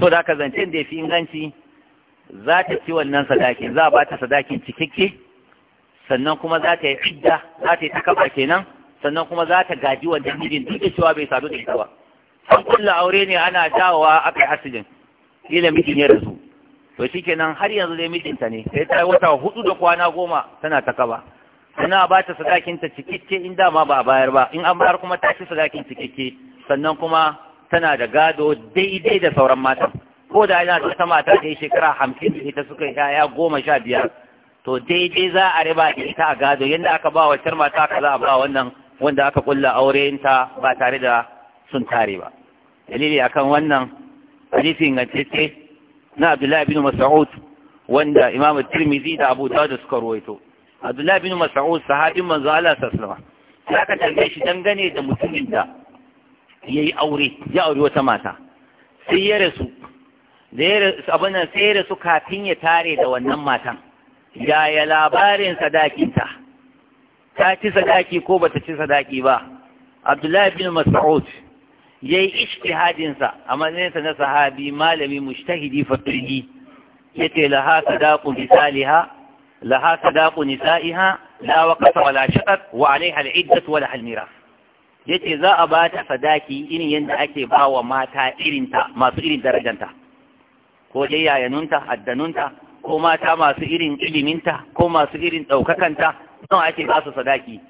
so da ka zance da inganci za ta ci wannan sadaki, za a ba ta sadakin cikakke sannan kuma za ta yi idda za ta yi takaba kenan sannan kuma za ta gaji wanda mijin duk da cewa bai sadu da ita ba an kulla aure ne ana dawowa aka yi asijin ila mijin ya rasu to kenan har yanzu dai mijinta ne sai ta wata hudu da kwana goma tana ta kaba sannan ba ta sadakin ta cikakke in dama ba a bayar ba in an bayar kuma ta ci sadakin cikakke sannan kuma tana da gado daidai da sauran matan ko da ina da wata mata da shekara hamsin da ita suka yaya goma sha biyar to daidai za a riba da ita a gado yadda aka ba wa mata aka za a ba wannan wanda aka kulla ta ba tare da sun tare ba dalili akan wannan hadisi ingantacce na abdullahi bin mas'ud wanda Imam Tirmidhi da abu da suka ruwaito abdullahi bin mas'ud sahabin manzo Allah sallallahu alaihi ka tambaye shi dangane da mutumin da yayi aure ya aure wata mata sai ya rasu da ya abin nan sai ya rasu kafin ya tare da wannan matan yaya labarin sadakinta ta ci sadaki ko bata ci sadaki ba abdullahi bin mas'ud ya yi ishtihadinsa a matsayinsa na sahabi malami mujtahidi faqihi yace laha sadaqu bisaliha laha sadaqu nisaiha la wala shaqat wa alaiha al-iddatu halmira. yace za a ba ta sadaki irin yadda ake ba wa mata irinta masu irin darajanta ko dai yayanunta addanunta ko mata masu irin iliminta ko masu irin ɗaukakanta don ake ba su sadaki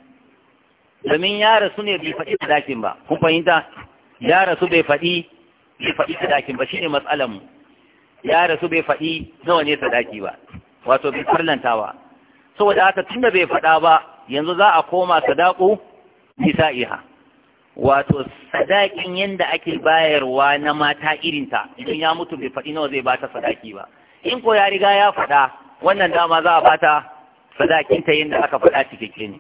domin ya rasu ne bai faɗi sadakin ba kun fahimta ya rasu bai faɗi bai faɗi sadakin ba shine matsalan mu ya rasu bai faɗi nawa ne sadaki ba wato bai farlantawa saboda haka tun da bai faɗa ba yanzu za a koma sadaku nisa'iha wato sadakin yanda ake bayarwa na mata irinta idan ya mutu bai faɗi nawa zai bata sadaki ba in ko ya riga ya faɗa wannan dama za a bata sadakinta yanda aka faɗa cikakke ne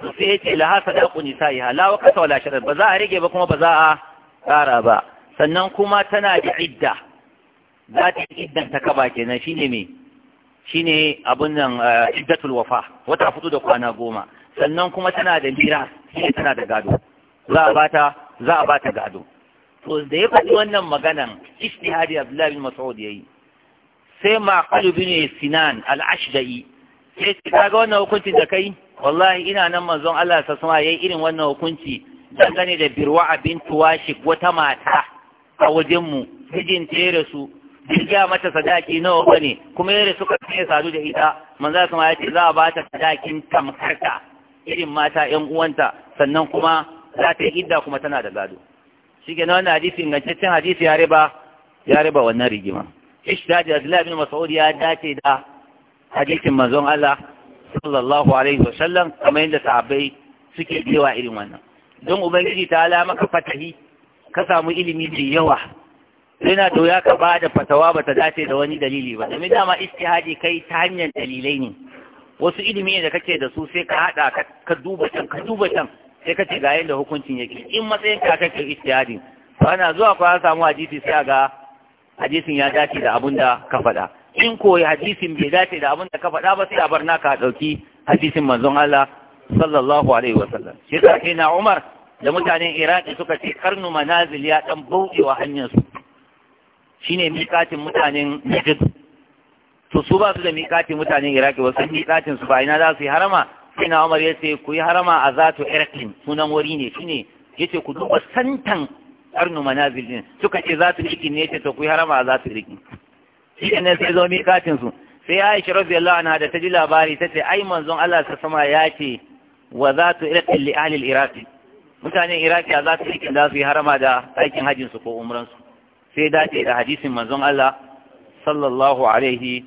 sai da laha sadaqu nisaiha la waqata wala sharar ba za a rage ba kuma ba za a tsara ba sannan kuma tana da idda za ta yi iddan ta kaba kenan shine me shine abun nan eh, iddatul wafa wata fito da kwana goma sannan kuma tana da shi ne tana da gado za a bata za a bata gado to da ya faɗi wannan maganan ijtihadi Abdullahi bin Mas'ud yayi sai ma ne sinan al-ashda'i sai ga wannan hukuncin da kai wallahi ina nan manzon Allah ta sama yayin irin wannan hukunci dangane da birwa abin tuwashik wata mata a wajen mu mijinta ya rasu jirgiya mata sadaki nawa bane kuma ya rasu kafin sadu da ita manzon sama ya ce za a ba sadakin tamkarta irin mata 'yan uwanta sannan kuma za ta yi idda kuma tana da gado shi ke wannan hadisi ingantaccen hadisi ya riba ya riba wannan rigima ishtaji azlabin bin ya dace da hadisin manzon Allah sallallahu alaihi wa sallam kamar yadda sahabbai suke yawa irin wannan don ubangiji ta ala maka fatahi ka samu ilimi da yawa yana to ya ka ba da fatawa ba ta dace da wani dalili ba domin dama istihadi kai ta hanyar dalilai ne wasu ilimi ne da kake da su sai ka hada ka duba can ka duba can sai ka ce ga yadda hukuncin yake in matsayin ka kake istihadi to ana zuwa ka samu hadisi sai ga hadisin ya dace da abin da ka faɗa in koyi hadisin bai dace da abin da ka faɗa ba sai a bar naka ɗauki hadisin manzon Allah sallallahu alaihi wa sallam shi ka ce na Umar da mutanen Iraki suka ce karnu manazil ya dan bauɗe wa hanyar su shine miƙatin mutanen Najd to su ba su da miƙatin mutanen Iraki su miƙatin su ba ina za su yi harama sai na Umar ya ce ku yi harama a zatu Irqin sunan wuri ne shine yace ku duba santan karnu manazil din suka ce zatu Irqin ne yace to ku yi harama a zatu Irqin shi ne sai zo miƙatin su sai Aisha radiyallahu anha da ta ji labari ta ce ai manzon Allah ta sama ya ce wa za tu ila li ahli al-Iraq mutanen Iraki za su yi da su yi harama da aikin hajjin su ko umran su sai dace da hadisin manzon Allah sallallahu alaihi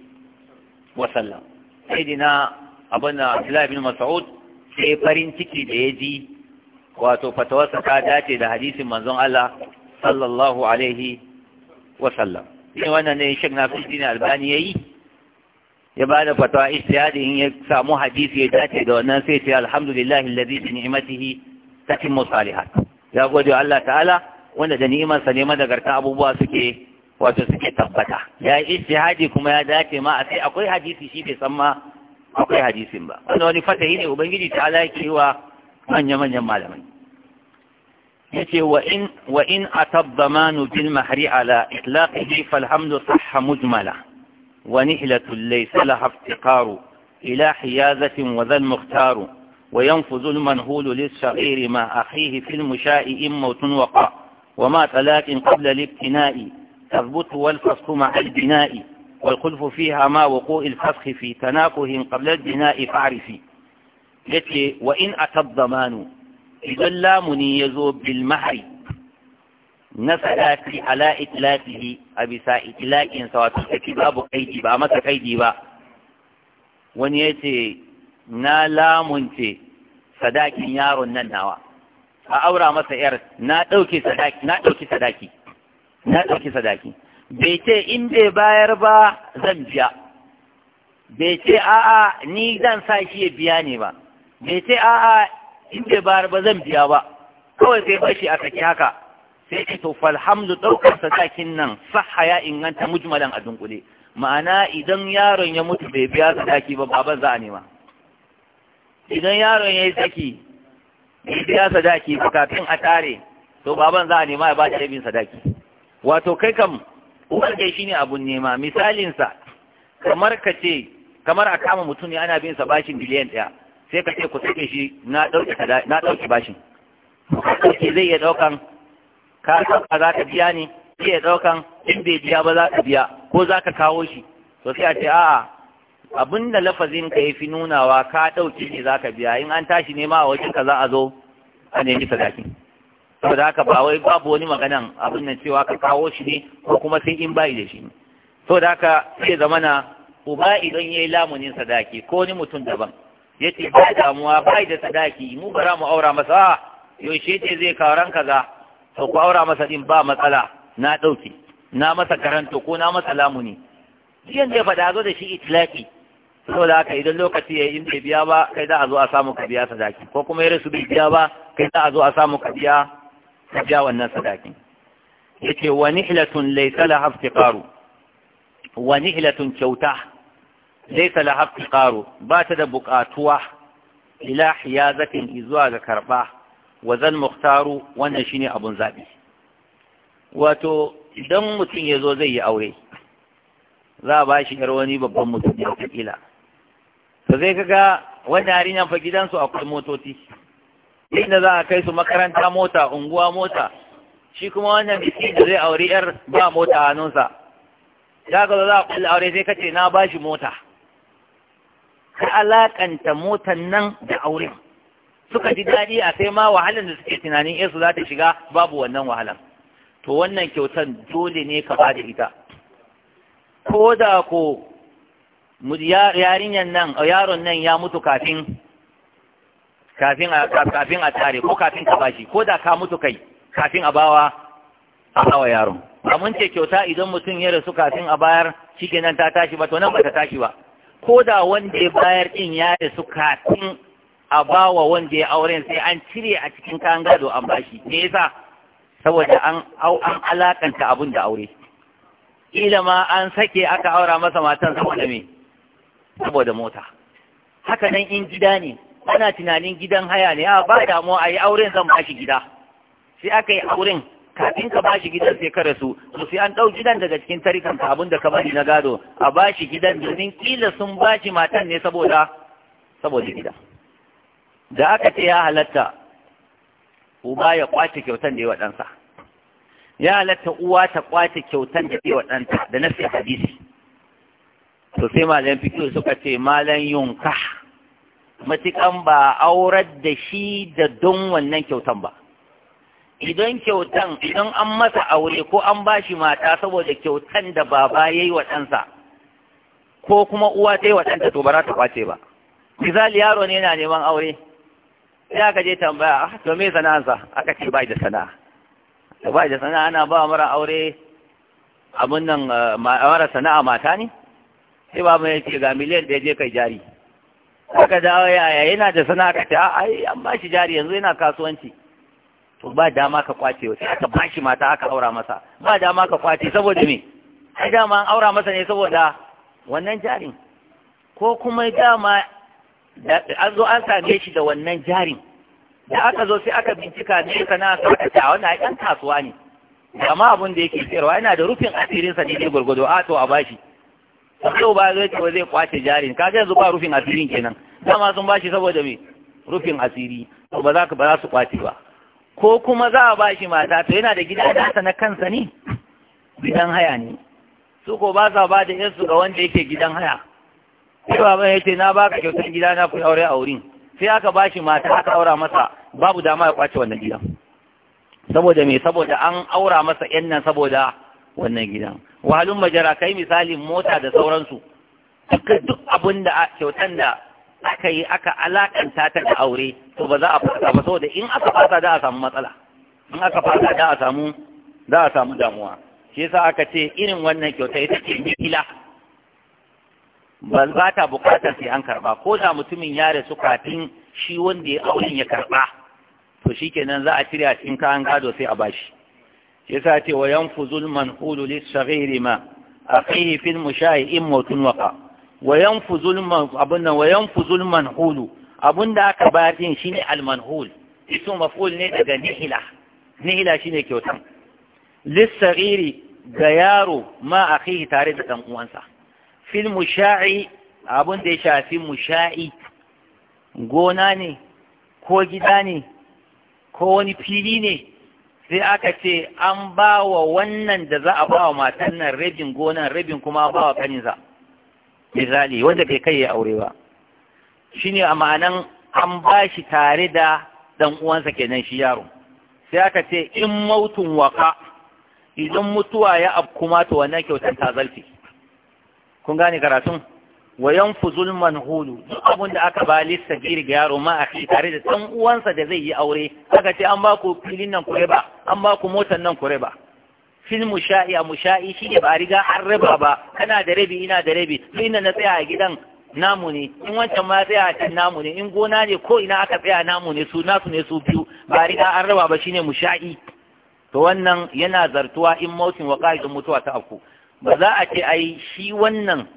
wa sallam sayyidina abana Abdullah bin Mas'ud sai farin ciki da ya ji wato fatawarsa ta dace da hadisin manzon Allah sallallahu alaihi wa sallam ne wannan ne shek na fitina albani ya yi ya ba da fatawa istihadi in ya samu hadisi ya dace da wannan sai ce alhamdulillah allazi bi ni'matihi tatimmu salihat ya gode Allah ta'ala wanda da ni'imarsa ne madagarta abubuwa suke wato suke tabbata ya yi istihadi kuma ya dace ma a sai akwai hadisi shi bai san ma akwai hadisin ba Wannan wani fatahi ne ubangiji ta'ala yake wa manya-manyan malamai يتي وإن, وإن أتى الضمان بالمهر على إطلاقه فالحمد صح مجملة ونهلة ليس لها افتقار إلى حيازة وذا المختار وينفذ المنهول للصغير مع أخيه في المشاء إن موت وقع وما تلاك قبل الابتناء تثبت والفسخ مع البناء والخلف فيها ما وقوع الفسخ في تناقه قبل البناء فاعرفي يتي وإن أتى الضمان idan lamuni ya zo bil mahari na sadaki ala itlaqihi a bisa itlaqin sa wato saki babu kaidi ba masa kaidi ba wani ya ce na lamunce sadakin yaron nan nawa a aura masa yar na dauke sadaki na ɗauki sadaki na ɗauki sadaki bai ce in bai bayar ba zan biya bai ce a'a ni zan sa shi ya biya ne ba bai ce a'a in bai bayar ba zan biya ba kawai sai bashi a saki haka sai ce to falhamdu ɗaukar sadakin nan sahha ya inganta mujmalan a dunkule ma'ana idan yaron ya mutu bai biya sadaki ba baban za a nema idan yaron ya yi saki bai biya sadaki ba kafin a tare to baban za a nema ya bata yabin sadaki wato kai kam uwar kai shine abun nema misalinsa kamar ka ce kamar a kama mutum ne ana bin sa bashin biliyan ɗaya sai ka ce ku sake shi na ɗauki bashin zai iya ɗaukan ka ɗauka za ka biya ne zai iya ɗaukan in bai biya ba za ka biya ko za ka kawo shi to sai a ce a'a abin da lafazin ka ya fi nunawa ka ɗauki ne za ka biya in an tashi nema a wajen ka za a zo a nemi sadaki? saboda haka ba wai babu wani maganan abin nan cewa ka kawo shi ne ko kuma sai in bayi da shi ne saboda haka sai zamana uba idan ya yi lamunin sadaki ko wani mutum daban ya ce ba damuwa ba da sadaki mu ba za mu aura masa yaushe ce zai kawaran kaza to ku aura masa din ba matsala na ɗauki. na masa karanto ko na masa lamuni jiyan zai ya faɗa zo da shi itilaki saboda haka idan lokaci ya yi in bai biya ba kai za a zo a samu ka biya sadaki ko kuma ya rasu bai biya ba kai za a zo a samu ka biya ka biya wannan sadaki yace wa nihlatun laysa laha iftiqaru wa nihlatun kyauta laisa la haqqaru ba ta da buƙatuwa ila hiyazatin zuwa ga karba wazan muhtaru wannan ne abun zabi wato idan mutum ya zo zai yi aure za a ba shi yar wani babban mutum ya fi kila to zai kaga wanda harinan fa gidansu akwai motoci inda za a kai su makaranta mota unguwa mota shi kuma wannan biki da zai aure yar ba mota hannunsa ya ga za a kulle aure sai kace na ba shi mota ka alakanta motan nan da auren suka ji daɗi a sai ma wahalan da suke tunanin yesu za ta shiga babu wannan wahalan to wannan kyautar dole ne ka bada ita ko da ko yarinyan nan yaron nan ya mutu kafin kafin a kafin a tare ko kafin ka bashi ko da ka mutu kai kafin a bawa a hawa yaron ba mun ce kyauta idan mutum ya rasu kafin a bayar shikenan ta tashi ba to nan ba ta tashi ba ko da wanda ya bayar ɗin ya su kafin a bawa wanda ya aure, sai an cire a cikin kayan gado an bashi me yasa saboda an alakanta abin da aure ila ma an sake aka aura masa matan saboda me saboda mota haka nan in gida ne ana tunanin gidan haya ne a ba damuwa a yi auren zan bashi gida sai aka yi auren kafin ka bashi gidan sai ka rasu to sai an dau gidan daga cikin tarikan ka abin ka bari na gado a bashi gidan domin kila sun bashi matan ne saboda saboda gida da aka ce ya halatta uba ya kwace kyautan da ya wadansa ya halatta uwa ta kwace kyautan da ya wadanta da nasi hadisi to sai malam fikiyo suka ce malam yunka matikan ba aurar da shi da don wannan kyautan ba idan kyautan idan an masa aure ko an bashi mata saboda kyautan da baba ya yi wa ɗansa ko kuma uwa ta yi wa ɗanta to ba za ta kwace ba misali yaro ne yana neman aure sai aka je tambaya ah, to me sana'ansa aka ce bai da sana'a da bai da sana'a ana ba mara aure abin nan eh, mara sana'a mata ne sai ba mai ce ga miliyan da ya je kai jari aka dawo yaya yana da sana'a ka ce ai an ba shi jari yanzu yana kasuwanci to ba dama ka kwace wata aka bashi mata aka aura masa ba dama ka kwace saboda me ai dama an aura masa ne saboda wannan jarin ko kuma dama an zo an same shi da wannan jarin da aka zo sai aka bincika ne sana ta wannan ai dan kasuwa ne amma abin da yake cewa yana da rufin asirinsa ne dai gwargwado a to a bashi sai ba zai ce zai kwace jarin kaga yanzu ba rufin asirin kenan dama sun bashi saboda me rufin asiri to ba za ka ba za su kwace ba ko kuma za a bashi mata to yana da gida da na kansa ne gidan haya ne su ko ba sa ba da yansu ga wanda yake gidan haya sai baban ya ce na baka kyautar gida na ku aure a wurin sai aka bashi mata aka aura masa babu dama ya kwace wannan gidan saboda me saboda an aura masa yan nan saboda wannan gidan wahalun majara kai misalin mota da sauransu duk abin da kyautan da aka yi aka alakanta ta da aure to ba za a fasa ba saboda in aka fasa da a samu matsala in aka fasa da a samu za a samu damuwa shi yasa aka ce irin wannan kyauta ita ce nikila ba za ta bukatar sai an karba ko da mutumin ya rasu kafin shi wanda ya auren ya karba to shikenan za a cire a cikin kayan gado sai a bashi shi yasa ce wa yanfuzul manhulu lis-saghiri ma akhihi fil mushayi in mutun waqa Wayan yanfuzul abun nan hulu abun da aka bayar din shine almanhul isu maf'ul ne daga nihila nihila shine kyautan lissagiri ga yaro ma akhihi tare da dan uwansa fil musha'i abun da ya shafi musha'i gona ne ko gida ne ko wani fili ne sai aka ce an ba wa wannan da za a ba wa matan nan rabin gonan rabin kuma ba wa kaninsa misali wanda bai kai ya aure ba shine a ma'anan an ba shi tare da dan uwansa kenan shi yaro sai aka ce in mautun waka idan mutuwa ya abkuma to wannan kyautar ta zalfi kun gane karatun wayan zulman manhulu duk abin da aka ba lissa giri ga yaro ma a tare da ɗan uwansa da zai yi aure aka ce an ba ku filin nan kure ba an ba ku motan nan kure ba fil musha'i a musha'i shi ne ba a riga an raba ba kana da rabi ina da rabi to ina na tsaya a gidan namu ne in wancan ma tsaya a can namu ne in gona ne ko ina aka tsaya namu ne su nasu ne su biyu ba a riga an raba ba shine musha'i to wannan yana zartuwa in mautin wa ƙa'idin mutuwa ta afku ba za a ce ai shi wannan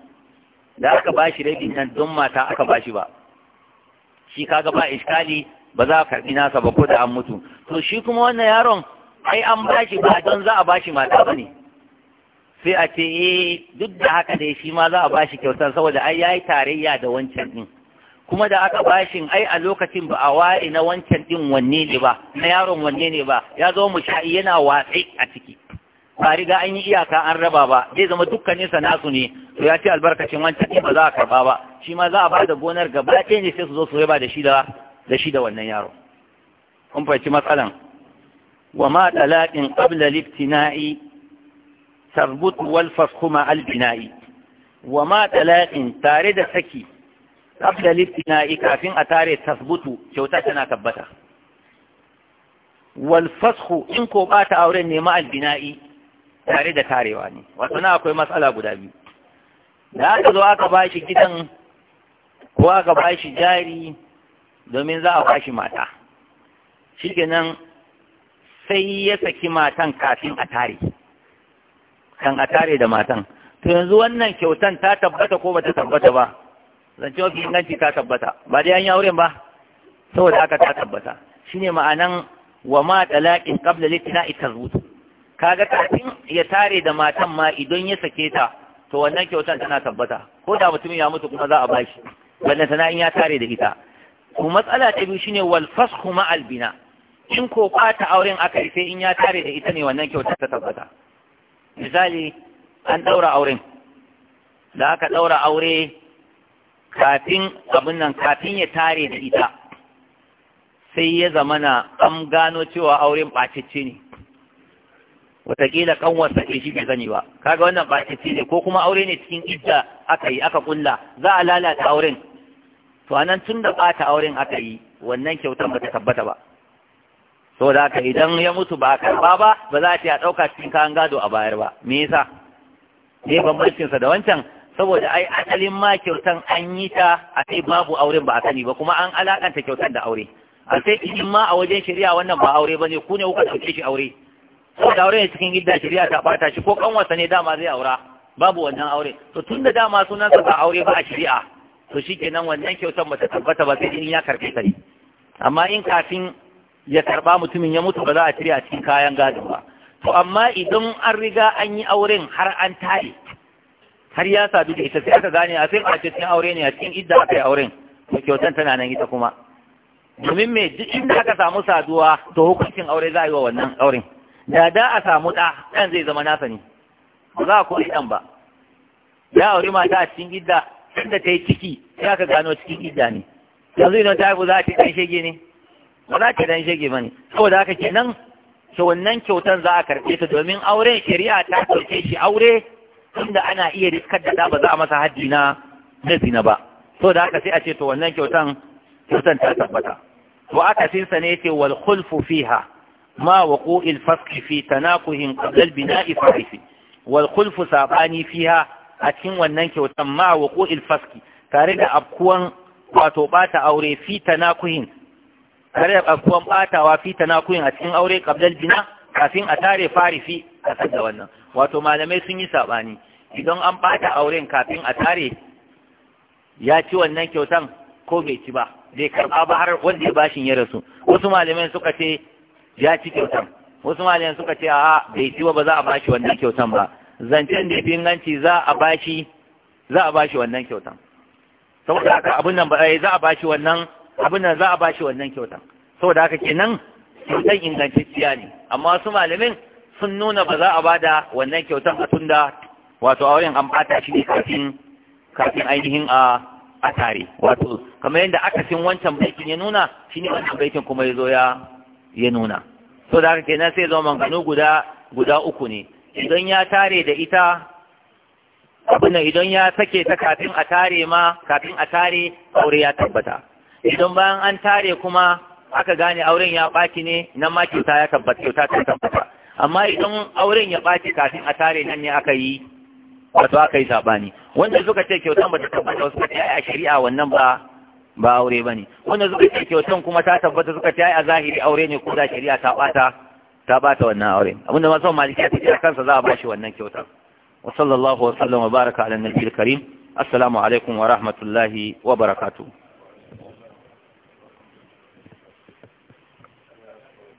da aka bashi rabin nan don mata aka bashi ba shi kaga ba iskali ba za a karɓi nasa ba ko da an mutu to shi kuma wannan yaron ai an bashi ba don za a bashi mata ba ne sai a ce eh duk da haka dai shi ma za a bashi kyautar saboda ai yayi tarayya da wancan din kuma da aka bashin ai a lokacin ba a ware na wancan din wanne ne ba na yaron wanne ne ba ya zo mu sha'i yana watsi a ciki ba riga an yi iyaka an raba ba zai zama dukkanin sa nasu ne to ya ce albarkacin wancan din ba za a karba ba shi ma za a ba da gonar gaba ɗaya ne sai su zo su raba da shi da da shi da wannan yaro kun fahimci matsalan وما طلاق قبل الابتناء تربط والفسخ مع البناء وما طلاق تارد سكي قبل الابتناء كافين أتاري تثبت كوتا تنا كبتا والفسخ إنكو بات أورين مع البناء تارد تاريواني وتنا أكوي مسألة قدامي da aka zo aka جدا shi gidan ko aka ba shi jari domin sai ya saki matan kafin a tare kan a tare da matan to yanzu wannan kyautan ta tabbata ko bata tabbata ba zance mafi inganci ta tabbata ba dai an yi auren ba saboda aka ta tabbata Shi ne ma'anan wa ma talaqin qabla litna'i tazbut kaga kafin ya tare da matan ma idan ya sake ta to wannan kyautan tana tabbata ko da mutum ya mutu kuma za a shi, wannan in ya tare da ita Kuma matsala ta biyu ne wal fasxu ma'al bina in ko kwata auren aka yi sai in ya tare da ita ne wannan kyautar ta tabbata misali an ɗaura auren da aka ɗaura aure kafin abin nan kafin ya tare da ita sai ya na an gano cewa auren ɓacicce ne wataƙila ƙanwarsa ke shi bai zani ba kaga wannan ɓacicce ne ko kuma aure ne cikin idda aka yi aka kulla za a lalata auren to anan tun da ɓata auren aka yi wannan kyautar ba ta tabbata ba so da ka idan ya mutu ba karba ba ba za ta dauka cikin kayan gado a bayar ba me yasa ne sa da wancan saboda ai asalin ma kyautan an yi ta a sai babu auren ba a sani ba kuma an alakanta kyautan da aure a sai idan ma a wajen shari'a wannan ba aure ba ne ku ne kuka ɗauke shi aure da aure cikin gidda shari'a ta bata shi ko kanwarsa ne dama zai aura babu wannan aure to tun da dama sunansa ba aure ba a shari'a to shikenan wannan kyautan ba ta tabbata ba sai in ya karɓe sai amma in kafin ya karba mutumin ya mutu ba za a cire a cikin kayan gado ba to amma idan an riga an yi auren har an tare har ya sadu da ita sai aka gane a sai kwace cikin aure ne a cikin idda aka yi auren to kyautan tana nan ita kuma domin me duk inda aka samu saduwa to hukuncin aure za a yi wa wannan auren da da a samu ɗa ɗan zai zama nasa ne ba za a kori ɗan ba ya aure mata a cikin idda inda ta yi ciki sai aka gano cikin idda ne yanzu idan ta haifu za a ce ɗan shege ne ba za ka dan shege bane da haka kenan ke wannan kyautan za a karɓe ta domin auren shari'a ta karɓe shi aure inda ana iya riskar da za a masa haddi na na zina ba da haka sai a ce to wannan kyautan kyautan ta tabbata to aka sa ne ce wal khulfu fiha ma waqu'il fasqi fi tanakuhin qabla al bina'i fa'isi wal khulfu sabani fiha a cikin wannan kyautan ma waqu'il fasqi tare da abkuwan wato bata aure fi tanakuhin kare afkuwan batawa fi tanakuyin a cikin aure kabdal bina kafin a tare farifi a da wannan wato malamai sun yi sabani idan an bata auren kafin a tare ya ci wannan kyautan ko bai ci ba bai karba ba har wanda ya bashin ya rasu wasu malamai suka ce ya ci kyautan wasu malamai suka ce a bai ci ba ba za a bashi wannan kyautan ba zancen da fi inganci za a bashi za a bashi wannan kyautan saboda haka abin nan ba eh, za a bashi wannan abin nan za a ba shi wannan kyautan saboda haka kenan kyautan ingantacciya ne amma su malamin sun nuna ba za a ba da wannan kyautan a tunda wato auren an bata shi ne kafin kafin ainihin a a tare wato kamar yadda aka akasin wancan baikin ya nuna shi ne wancan baikin kuma ya zo ya ya nuna so da haka kenan sai zama manganu guda guda uku ne idan ya tare da ita abin idan ya sake ta kafin a tare ma kafin a tare aure ya tabbata idan bayan an tare kuma aka gane auren ya ɓaci ne nan ma kyauta ya tabbata kyauta ta tabbata amma idan auren ya ɓaci kafin a tare nan ne aka yi wato aka yi saɓani wanda suka ce kyautan ba ta tabbata suka ce a shari'a wannan ba ba aure ba ne wanda suka ce kyautan kuma ta tabbata suka ce a zahiri aure ne ko da shari'a ta ɓata ta ɓata wannan aure abinda masu maliki ta ce a kansa za a bashi wannan kyautan wa sallallahu wa sallam wa baraka ala nabiyil karim assalamu alaikum wa rahmatullahi wa barakatuh